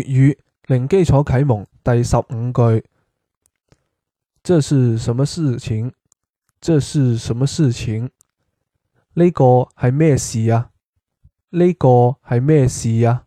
粵語零基礎啟蒙第十五句，這是什麼事情？這是什麼事情？呢個係咩事啊？呢個係咩事啊？